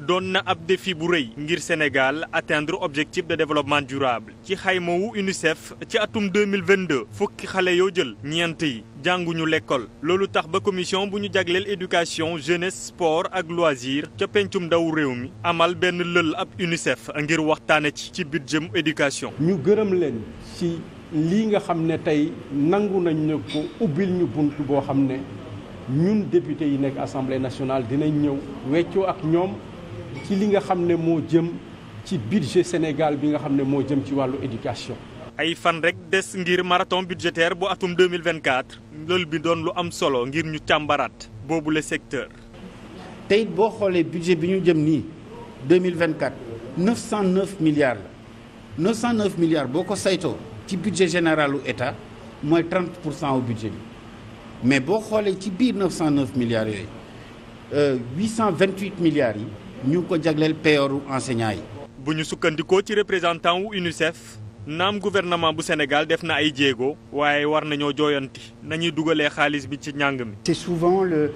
doon na ab défi bu rëy ngir Sénégal atteindre objectif de développement durable ci xayma wu UNICEF ci atum 2022 fukki xale yoo jël ñeent yi jànguñu lekkool loolu tax ba commission bu ñu jagleel éducation jeunes sport ak loisir ca pencum ndaw réew mi amal benn lël ab UNICEF ngir waxtaane ci ci budget mu éducation ñu gërëm leen ci lii nga xam ne tey nangu nañ ne ko ubbil ñu bunt boo xam ne ñun député yi nekk assemblée nationale dinañ ñëw weccoo ak ñoom ci li nga xam ne moo jëm ci budget Sénégal bi nga xam ne moo jëm ci wàllu éducation. ay fan rek des ngir marathon budgétaire bu atum 2024 loolu bi doon lu am solo ngir ñu càmbaraat boobu le secteur. tey boo xoolee budget bi ñu jëm nii 2024 909 milliards la 909 milliards boo ko saytoo ci budget généralu état mooy 30 pour cent au budget bi mais boo xoolee ci biir 909 milliards yooyu 828 euh, milliards yi. ñu ko jagleel peyooru enseignant yi. bu ñu sukkandikoo ci représentant wu UNICEF. naam gouvernement bu Sénégal def na ay jéego waaye war nañoo jooyanti nañuy dugalee xaalis bi ci njàng mi. c'est souvent le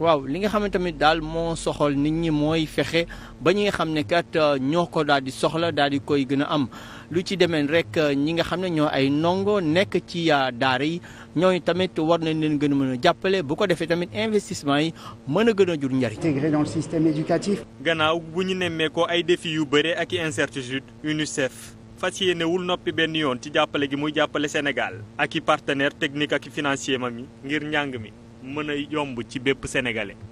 waaw li nga xam ne tamit daal moo soxal nit ñi mooy fexe ba ñi nga xam ne kat euh, ñoo ko daal di soxla daal di koy gën a am lu ci demeen rek euh, ñi nga xam ne ñoo ay ndongo nekk ci euh, daara yi ñooñu tamit war nañ leen gën a mën a jàppale bu ko defee tamit investissement yi mën a gën a jur njariñ. intégré dans le système éducatif. gannaaw bu ñu nemmeekoo ay défis yu bëre ak i incertitude UNICEF. fas yéenewul noppi benn yoon ci jàppale gi muy jàppale Sénégal ak i partenaire technique ak i financier ma ngir njàng mi mën a yomb ci bépp sénégalais.